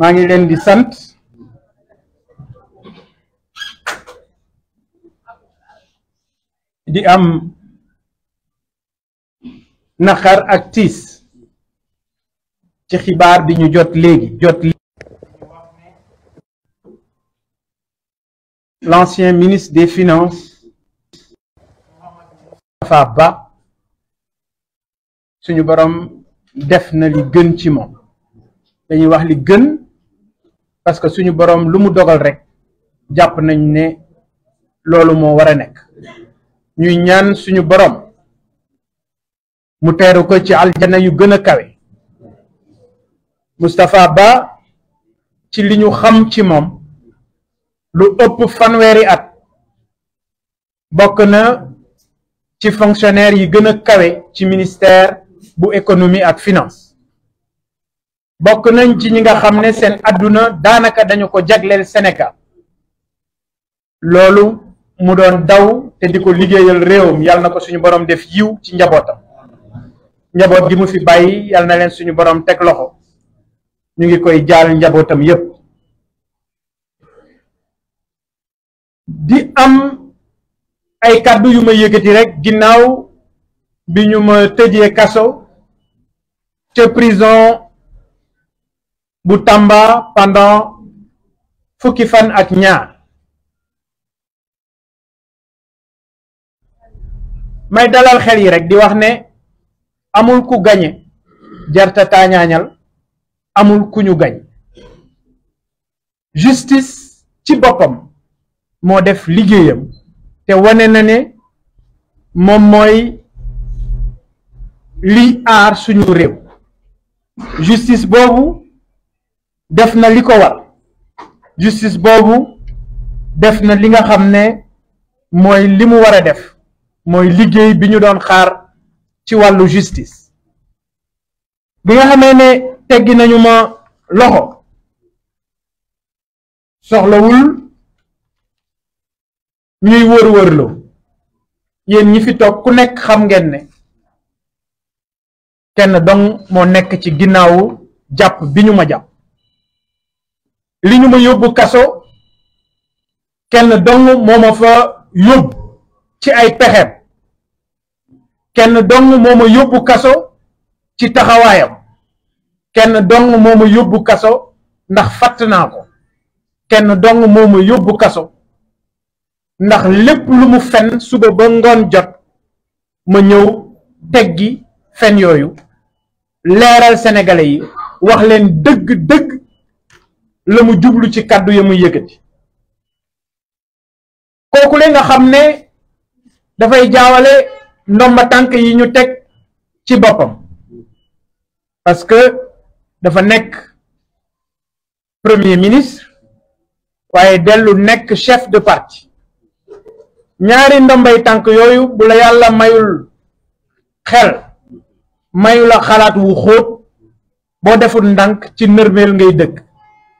maa ngi leen di sante di am nakhar ak tis ci xibar bi ñu jot legi jot l'ancien ministre des finances fa Ba suñu borom def na li gën ci mom dañuy wax li gën parce que suñu boroom lu mu dogal rek jàpp nañ ne loolu moo war a nekk ñuy ñaan suñu boroom mu teeru ko ci aljana yu gën a kawe Moustapha Ba ci li ñu xam ci moom lu ëpp fanweeri at bokk na ci fonctionnaire yi gën a kawe ci ministère bu économie ak finance bokk nañ ci ñi nga xam ne seen adduna daanaka dañu ko jagleel Sénégal loolu mu doon daw te di ko liggéeyal réewam yàlla na ko suñu borom def yiw ci njabootam njaboot gi mu fi bàyyi yàlla na leen suñu borom teg loxo ñu ngi koy jaal njabootam yépp di am ay kàddu yu ma yëkkati rek ginnaaw bi ñu ma tëjee kaso ca prison bu Tamba pendant fukki fan ak ñaar may dalal xel yi rek di wax ne amul ku gañe jarta taañaañal amul ku ñu gañ justice ci boppam moo def liggéeyam te wane na ne moom mooy li aar suñu réew justice boobu def na li ko war justice boobu def na li nga xam ne mooy limu mu war a def mooy liggéey bi ñu doon xaar ci wàllu justice bi nga xamee ne teggi nañu ma loxo soxlawul ñuy wër wërloo yéen ñi fi toog ku nekk xam ngeen ne kenn dong moo nekk ci ginnaawu jàpp bi ñu ma jàpp li ñu ma yóbbu kaso kenn dong moo fa yóbbu ci ay pexeem kenn dong mooma ma yóbbu kaso ci taxawaayam kenn dong moo ma yóbbu kaso ndax fàtt naa ko kenn dong moo yóbbu kaso ndax lépp lu mu suba ba ngoon jot ma ñëw teggi fen yooyu leeral senegale yi wax leen dëgg-dëgg lamu jublu ci kàddu yamu muy yëkkati kooku le nga xam ne dafay jaawale ndomba tànk yi ñu teg ci boppam parce que dafa nekk premier ministre waaye dellu nekk chef de parti ñaari ndombay tànk yooyu bu la yàlla mayul xel mayu la xalaat wu xóot boo deful ndànk ci nërmeel ngay dëkk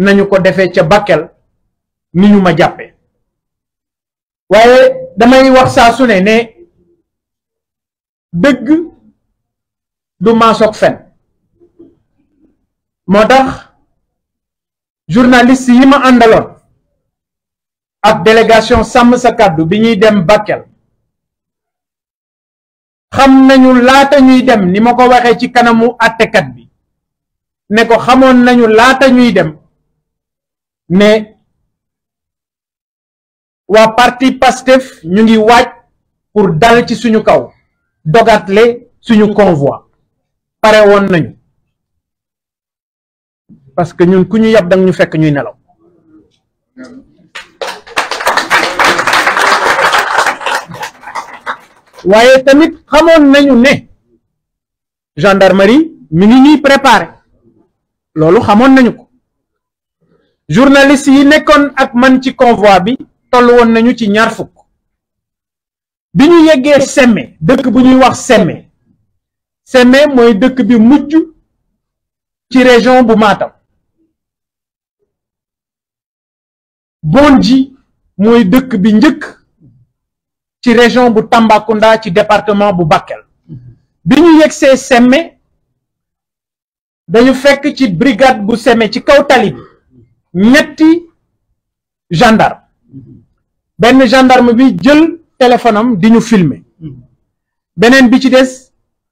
nañu ko defee ca Bakel ni ma jàppe waaye damay wax saa su ne ne bëgg du maasoog fen moo tax journaliste yi ma àndaloon ak délégation sàmm sa kàddu bi ñuy dem Bakel xam nañu laata ñuy dem ni ma ko waxee ci kanamu àttekat bi ne ko xamoon nañu laata ñuy dem mais wa parti Pastef ñu ngi wajj pour dal ci suñu kaw dogatle suñu convoi pare won nañu parce que ñun ku ñu yab dang ñu fekk ñuy nelaw waye tamit xamone nañu ne gendarmerie mi ngi ñuy préparer lolu xamone nañu ko journaliste yi nekkoon ak man ci convoi bi toll woon nañu ci ñaar fukk bi ñu yeggee seme dëkk bu ñuy wax seme Sémé mooy dëkk bi mujj ci région bu Matam Bondji mooy dëkk bi njëkk ci région bu Tambacounda ci département bu Bakel biñu ñu yeggsee Sémé dañu fekk ci brigade bu Sémé ci kaw tali bi ñetti gendarme benn gendarme bi jël téléphonam am di ñu filmer beneen bi ci des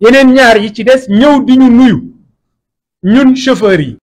yeneen ñaar yi ci des ñëw di ñu nuyu ñun chauffeur yi